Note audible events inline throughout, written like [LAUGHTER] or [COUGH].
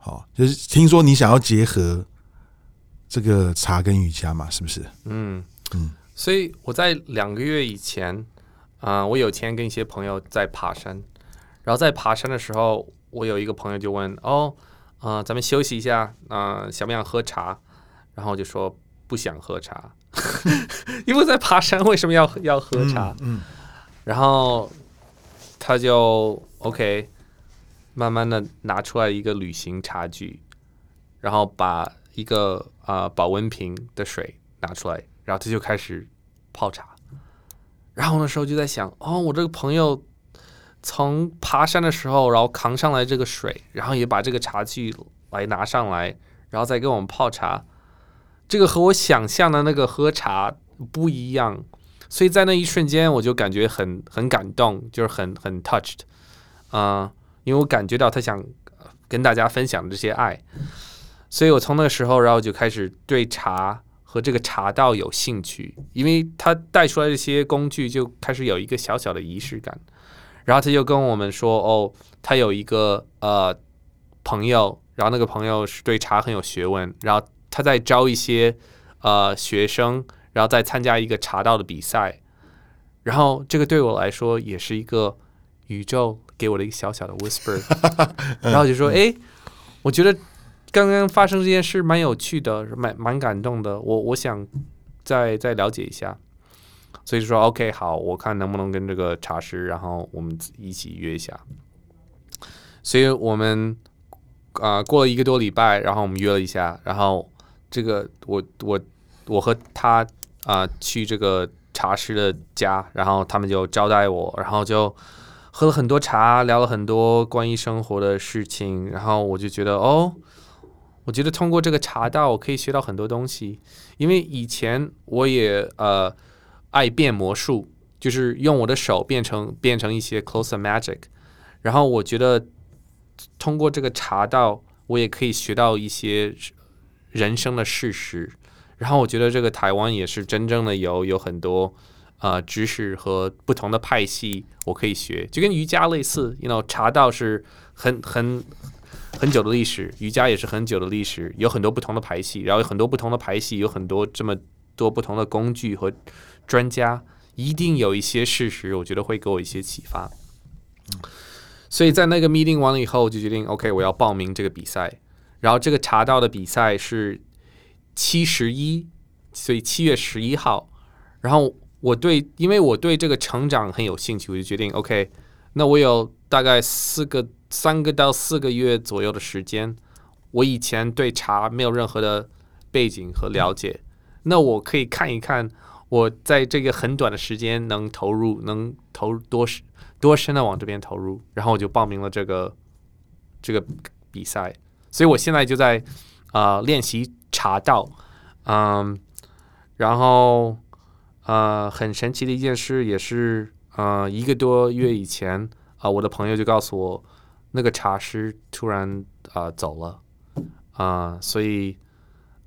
好，就是聽說你想要結合這個茶跟瑜伽嘛，是不是？嗯嗯。嗯，所以我在兩個月以前啊、呃，我有天跟一些朋友在爬山，然後在爬山的時候，我有一個朋友就問哦。啊、呃，咱們休息一下啊、呃，想不想喝茶？然後就說不想喝茶， [LAUGHS] 因為在爬山，為什麼要要喝茶？嗯，嗯然後他就 OK，慢慢的拿出來一個旅行茶具，然後把一個啊、呃、保溫瓶的水拿出來，然後他就開始泡茶。然後那時候就在想，哦，我這個朋友。從爬山的時候，然後扛上來這個水，然後也把這個茶具來拿上來，然後再給我們泡茶。這個和我想象的那個喝茶不一樣，所以在那一瞬間我就感覺很很感動，就是很很 touched 啊、呃，因為我感覺到他想跟大家分享這些愛。所以我從那時候，然後就開始對茶和這個茶道有興趣，因為他帶出來這些工具，就開始有一個小小的儀式感。然後他就跟我們說，哦，他有一個呃朋友，然後那個朋友是對茶很有學問，然後他在招一些呃學生，然後再參加一個茶道的比賽，然後這個對我來說也是一個宇宙給我的一個小小的 whisper， [LAUGHS] 然後就說， [LAUGHS] 哎，我覺得剛剛發生這件事蠻有趣的，蠻蠻感動的，我我想再再了解一下。所以說，OK，好，我看能不能跟這個茶師，然後我們一起約一下。所以我們啊、呃、過了一個多禮拜，然後我們約了一下，然後這個我我我和他啊、呃、去這個茶師的家，然後他們就招待我，然後就喝了很多茶，聊了很多關於生活的事情，然後我就覺得哦，我覺得通過這個茶道，我可以學到很多東西，因為以前我也呃。愛變魔術，就是用我的手變成變成一些 closer magic。然後我覺得通過這個茶道，我也可以學到一些人生的事實。然後我覺得這個台灣也是真正的有有很多啊、呃、知識和不同的派系，我可以學，就跟瑜伽類似。You know，茶道是很很很久的歷史，瑜伽也是很久的歷史，有很多不同的派系，然後有很多不同的派系，有很多這麼。多不同的工具和專家，一定有一些事實，我覺得會給我一些啟發。嗯。所以在那個 meeting 完了以後，我就決定 OK，我要報名這個比賽。然後這個茶道的比賽是七十一，所以七月十一號。然後我對，因為我對這個成長很有興趣，我就決定 OK，那我有大概四個三個到四個月左右的時間。我以前對茶沒有任何的背景和了解。嗯。那我可以看一看，我在這個很短的時間能投入，能投入多深、多深的往這邊投入，然後我就報名了這個這個比賽。所以我現在就在啊、呃、練習茶道，嗯，然後啊、呃、很神奇的一件事也是，啊、呃、一個多月以前啊、呃、我的朋友就告訴我，那個茶師突然啊、呃、走了，啊、呃、所以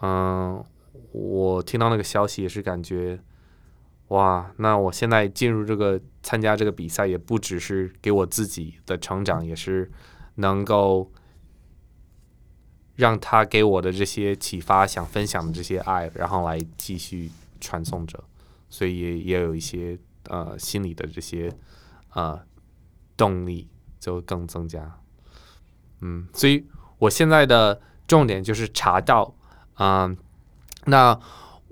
嗯。呃我聽到那個消息也是感覺，哇！那我現在進入這個參加這個比賽，也不只是給我自己的成長，也是能夠讓他給我的這些啟發，想分享的這些愛，然後來繼續傳送着，所以也，也有一些呃心理的這些呃動力就更增加。嗯，所以我現在的重點就是茶道，嗯。那，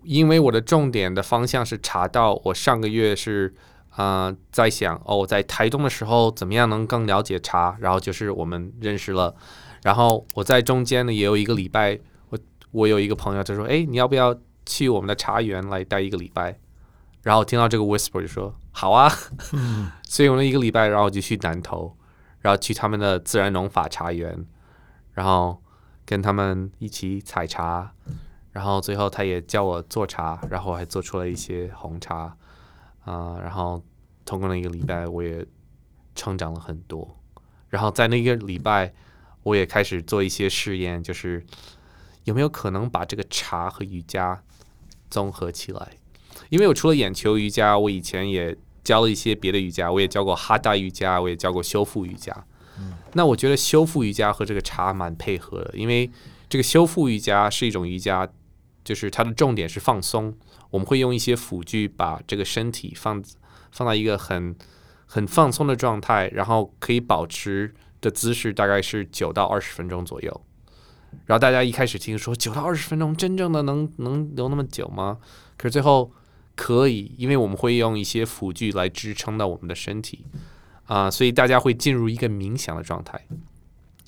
因為我的重點的方向是茶道，我上個月是，啊、呃，在想哦，在台東的時候怎麼樣能更了解茶，然後就是我們認識了，然後我在中間呢也有一個禮拜，我我有一個朋友他說，哎，你要不要去我們的茶園來待一個禮拜？然後聽到這個 whisper 就說好啊， [LAUGHS] 所以我們一個禮拜，然後就去南投，然後去他們的自然農法茶園，然後跟他們一起採茶。然後最後他也教我做茶，然後還做出了一些紅茶，啊、呃，然後通過那一個禮拜，我也成長了很多。然後在那個禮拜，我也開始做一些試驗，就是有沒有可能把這個茶和瑜伽綜合起來？因為我除了眼球瑜伽，我以前也教了一些別的瑜伽，我也教過哈達瑜伽，我也教過修復瑜伽。嗯，那我覺得修復瑜伽和這個茶蠻配合的，因為這個修復瑜伽是一種瑜伽，就是它的重點是放鬆，我們會用一些輔具把這個身體放放到一個很很放鬆的狀態，然後可以保持的姿勢大概是九到二十分鐘左右。然後大家一開始聽說九到二十分鐘，真正的能能留那麼久嗎？可是最後可以，因為我們會用一些輔具來支撐到我們的身體啊、呃，所以大家會進入一個冥想的狀態。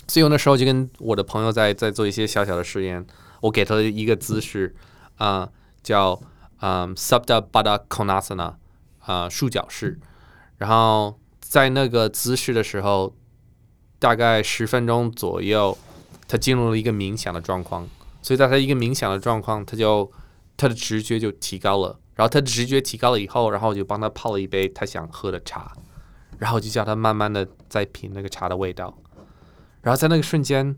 所以有的時候就跟我的朋友在在做一些小小的實驗。我給他一個姿勢，啊、呃，叫啊 Supta Baddha Konasana，啊，束、呃、腳、呃、式。然後在那個姿勢的時候，大概十分鐘左右，他進入了一個冥想的狀況。所以在他一個冥想的狀況，他就他的直覺就提高了。然後他的直覺提高了以後，然後我就幫他泡了一杯他想喝的茶，然後就叫他慢慢的在品那個茶的味道。然後在那個瞬間，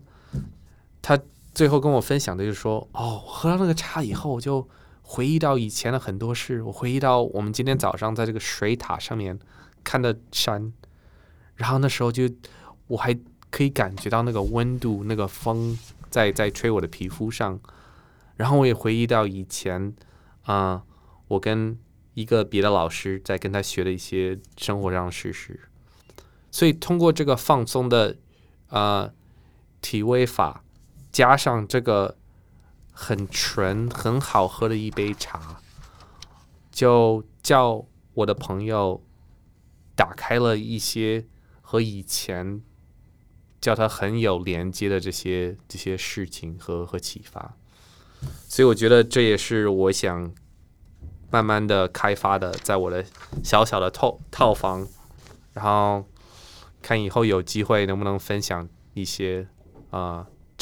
他。最後跟我分享的就是說，哦，喝了那個茶以後，我就回憶到以前的很多事。我回憶到我們今天早上在這個水塔上面看的山，然後那時候就我還可以感覺到那個溫度，那個風在在吹我的皮膚上。然後我也回憶到以前啊、呃，我跟一個別的老師在跟他學的一些生活上的事實。所以通過這個放鬆的呃體位法，加上這個很純，很好喝的一杯茶，就叫我的朋友打開了一些和以前叫他很有連接的這些這些事情和和啟發，所以我覺得這也是我想慢慢的開發的，在我的小小的套套房，然後看以後有機會能不能分享一些啊。呃